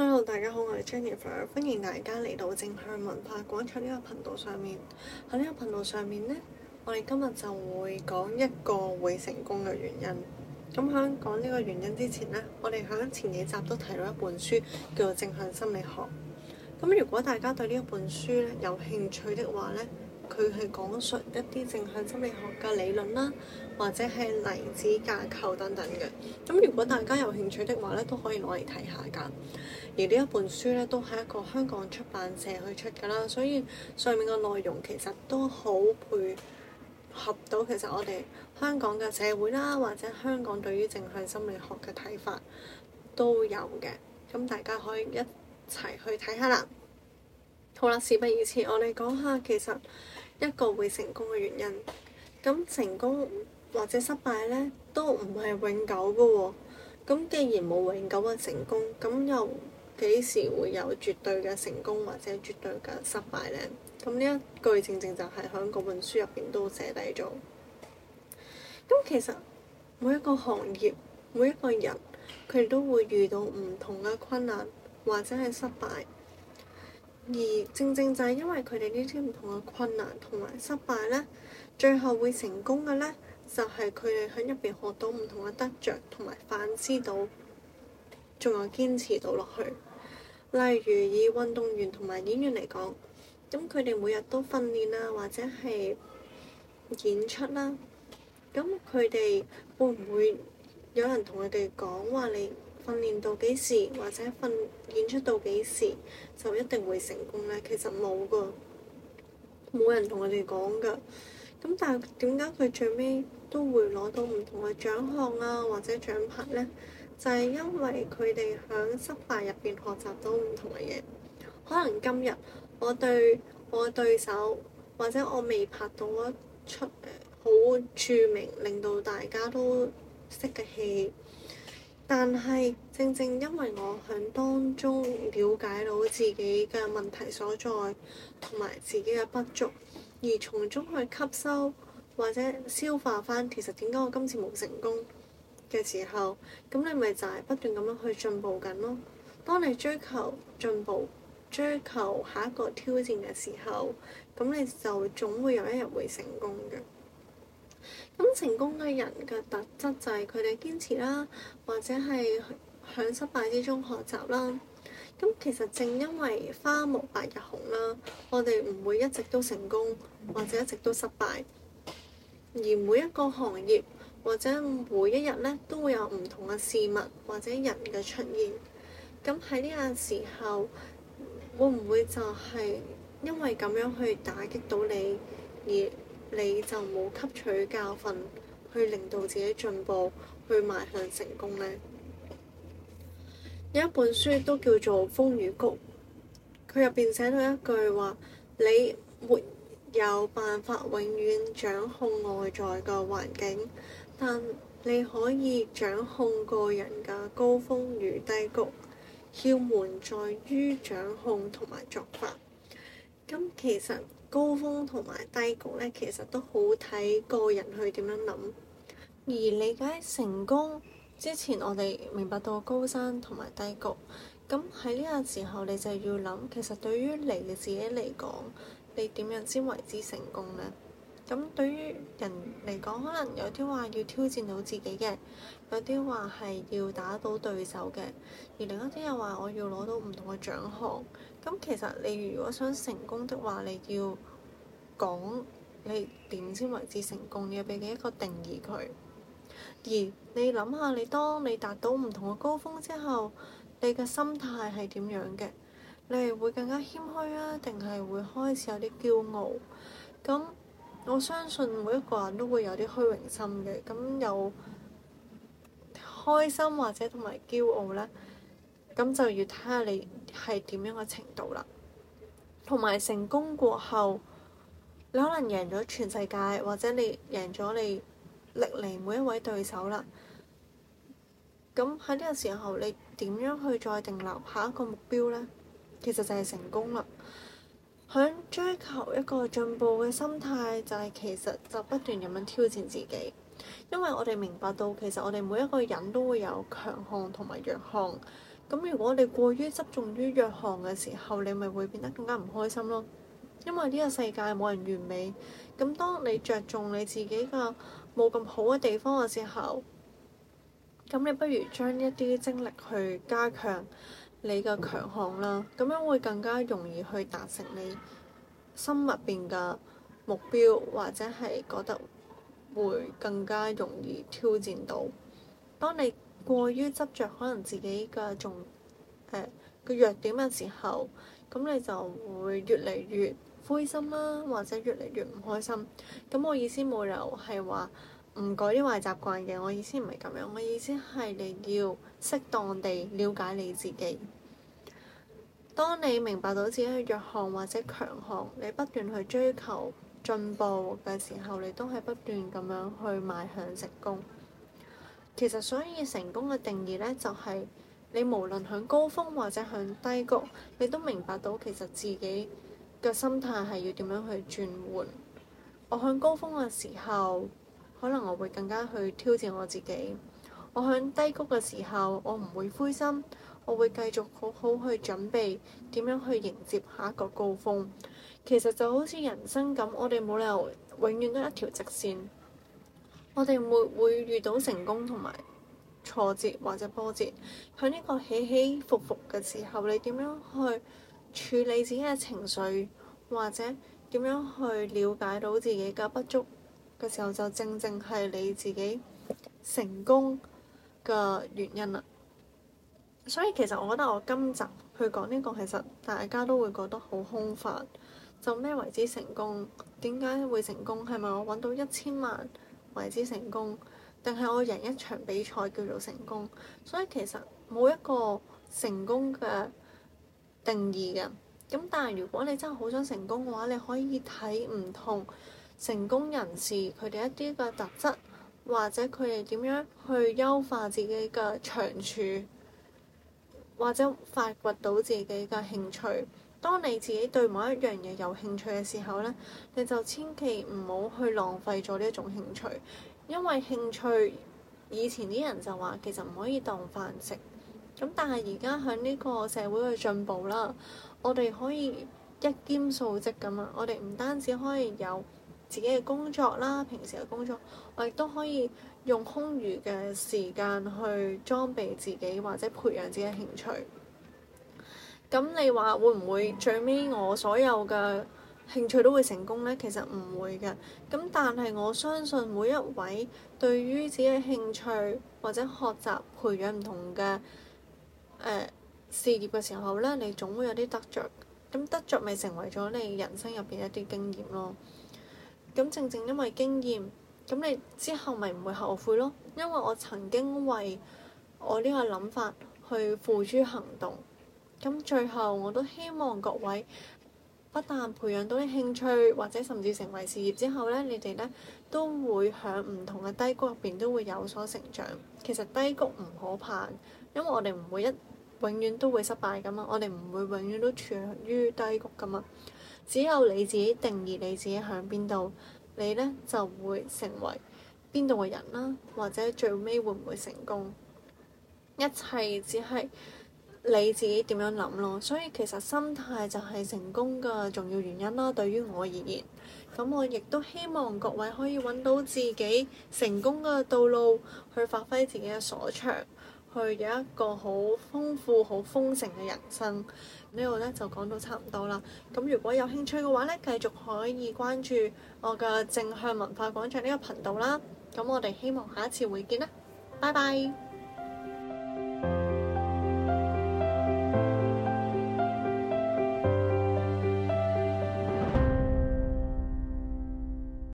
Hello，大家好，我係 Jennifer，歡迎大家嚟到正向文化廣場呢個頻道上面。喺呢個頻道上面呢，我哋今日就會講一個會成功嘅原因。咁喺講呢個原因之前呢，我哋喺前幾集都提到一本書叫做正向心理學。咁如果大家對呢一本書咧有興趣的話咧。佢係講述一啲正向心理學嘅理論啦，或者係例子架構等等嘅。咁如果大家有興趣的話咧，都可以攞嚟睇下㗎。而呢一本書咧，都係一個香港出版社去出㗎啦，所以上面嘅內容其實都好配合到其實我哋香港嘅社會啦，或者香港對於正向心理學嘅睇法都有嘅。咁大家可以一齊去睇下啦。好啦，事不宜遲，我哋講下其實。一個會成功嘅原因，咁成功或者失敗咧，都唔係永久嘅喎哦。咁既然冇永久嘅成功，咁又幾時會有絕對嘅成功或者絕對嘅失敗咧？咁呢一句正正就係喺嗰本書入邊都寫低咗。咁其實每一個行業、每一個人，佢都會遇到唔同嘅困難或者係失敗。而正正就係因為佢哋呢啲唔同嘅困難同埋失敗咧，最後會成功嘅咧，就係佢哋喺入邊學到唔同嘅得着，同埋反思到，仲有堅持到落去。例如以運動員同埋演員嚟講，咁佢哋每日都訓練啊，或者係演出啦，咁佢哋會唔會有人同佢哋講話你？訓練到幾時，或者訓演出到幾時就一定會成功呢？其實冇㗎，冇人同佢哋講噶。咁但係點解佢最尾都會攞到唔同嘅獎項啊或者獎牌呢？就係因為佢哋響失敗入邊學習到唔同嘅嘢。可能今日我對我嘅對手，或者我未拍到一出好著名令到大家都識嘅戲。但係正正因為我喺當中了解到自己嘅問題所在，同埋自己嘅不足，而從中去吸收或者消化返，其實點解我今次冇成功嘅時候，咁你咪就係不斷咁樣去進步緊咯。當你追求進步、追求下一個挑戰嘅時候，咁你就總會有一日會成功嘅。咁成功嘅人嘅特質就係佢哋堅持啦，或者係喺失敗之中學習啦。咁其實正因為花無百日紅啦，我哋唔會一直都成功，或者一直都失敗。而每一個行業或者每一日呢，都會有唔同嘅事物或者人嘅出現。咁喺呢個時候，會唔會就係因為咁樣去打擊到你而，你就冇吸取教訓，去令到自己進步，去邁向成功呢？有一本書都叫做《風雨谷》，佢入邊寫到一句話：你沒有辦法永遠掌控外在嘅環境，但你可以掌控個人嘅高峰與低谷。竅門在於掌控同埋作法。咁其實。高峰同埋低谷咧，其實都好睇個人去點樣諗。而理解成功之前，我哋明白到高山同埋低谷。咁喺呢個時候，你就要諗，其實對於嚟你自己嚟講，你點樣先為之成功咧？咁對於人嚟講，可能有啲話要挑戰到自己嘅，有啲話係要打到對手嘅，而另一啲又話我要攞到唔同嘅獎項。咁其實你如果想成功的話，你要講你點先為之成功，你要俾你一個定義佢。而你諗下，你當你達到唔同嘅高峰之後，你嘅心態係點樣嘅？你係會更加謙虛啊，定係會開始有啲驕傲咁？我相信每一個人都會有啲虛榮心嘅，咁有開心或者同埋驕傲呢，咁就要睇下你係點樣嘅程度啦。同埋成功過後，你可能贏咗全世界，或者你贏咗你歷來每一位對手啦。咁喺呢個時候，你點樣去再定立下一個目標呢？其實就係成功啦。響追求一個進步嘅心態，就係、是、其實就不斷咁樣挑戰自己，因為我哋明白到其實我哋每一個人都會有強項同埋弱項，咁如果你過於執重於弱項嘅時候，你咪會變得更加唔開心咯。因為呢個世界冇人完美，咁當你着重你自己嘅冇咁好嘅地方嘅時候，咁你不如將一啲精力去加強你嘅強項啦，咁樣會更加容易去達成你心入邊嘅目標，或者係覺得會更加容易挑戰到。當你過於執着可能自己嘅仲誒嘅弱點嘅時候，咁你就會越嚟越灰心啦，或者越嚟越唔開心。咁我意思冇理由係話，唔改啲壞習慣嘅，我意思唔係咁樣。我意思係你要適當地了解你自己。當你明白到自己嘅弱項或者強項，你不斷去追求進步嘅時候，你都係不斷咁樣去邁向成功。其實，所以成功嘅定義呢，就係你無論向高峰或者向低谷，你都明白到其實自己嘅心態係要點樣去轉換。我向高峰嘅時候。可能我會更加去挑戰我自己。我響低谷嘅時候，我唔會灰心，我會繼續好好去準備點樣去迎接下一個高峰。其實就好似人生咁，我哋冇理由永遠都一條直線，我哋會會遇到成功同埋挫折或者波折。響呢個起起伏伏嘅時候，你點樣去處理自己嘅情緒，或者點樣去了解到自己嘅不足？嘅時候就正正係你自己成功嘅原因啦，所以其實我覺得我今集去講呢個其實大家都會覺得好空泛，就咩為之成功？點解會成功？係咪我揾到一千萬為之成功？定係我贏一場比賽叫做成功？所以其實冇一個成功嘅定義嘅，咁但係如果你真係好想成功嘅話，你可以睇唔同成功人士佢哋一啲嘅特質，或者佢哋點樣去優化自己嘅長處，或者發掘到自己嘅興趣。當你自己對某一樣嘢有興趣嘅時候咧，你就千祈唔好去浪費咗呢一種興趣，因為興趣以前啲人就話其實唔可以當飯食咁，但係而家響呢個社會去進步啦，我哋可以一兼數職咁嘛，我哋唔單止可以有。自己嘅工作啦，平時嘅工作，我亦都可以用空餘嘅時間去裝備自己或者培養自己嘅興趣。咁你話會唔會最尾我所有嘅興趣都會成功呢？其實唔會嘅。咁但係我相信每一位對於自己嘅興趣或者學習培養唔同嘅、呃、事業嘅時候呢，你總會有啲得着。咁得着咪成為咗你人生入邊一啲經驗咯。咁正正因為經驗，咁你之後咪唔會後悔咯。因為我曾經為我呢個諗法去付諸行動，咁最後我都希望各位不但培養到啲興趣，或者甚至成為事業之後咧，你哋咧都會喺唔同嘅低谷入邊都會有所成長。其實低谷唔可怕，因為我哋唔會一永遠都會失敗㗎嘛，我哋唔會永遠都處於低谷㗎嘛。只有你自己定義你自己喺邊度，你呢就會成為邊度嘅人啦，或者最尾會唔會成功，一切只係你自己點樣諗咯。所以其實心態就係成功嘅重要原因啦。對於我而言，咁我亦都希望各位可以揾到自己成功嘅道路，去發揮自己嘅所長。去嘅一個好豐富、好豐盛嘅人生，呢度咧就講到差唔多啦。咁如果有興趣嘅話咧，繼續可以關注我嘅正向文化廣場呢個頻道啦。咁我哋希望下一次會見啦，拜拜。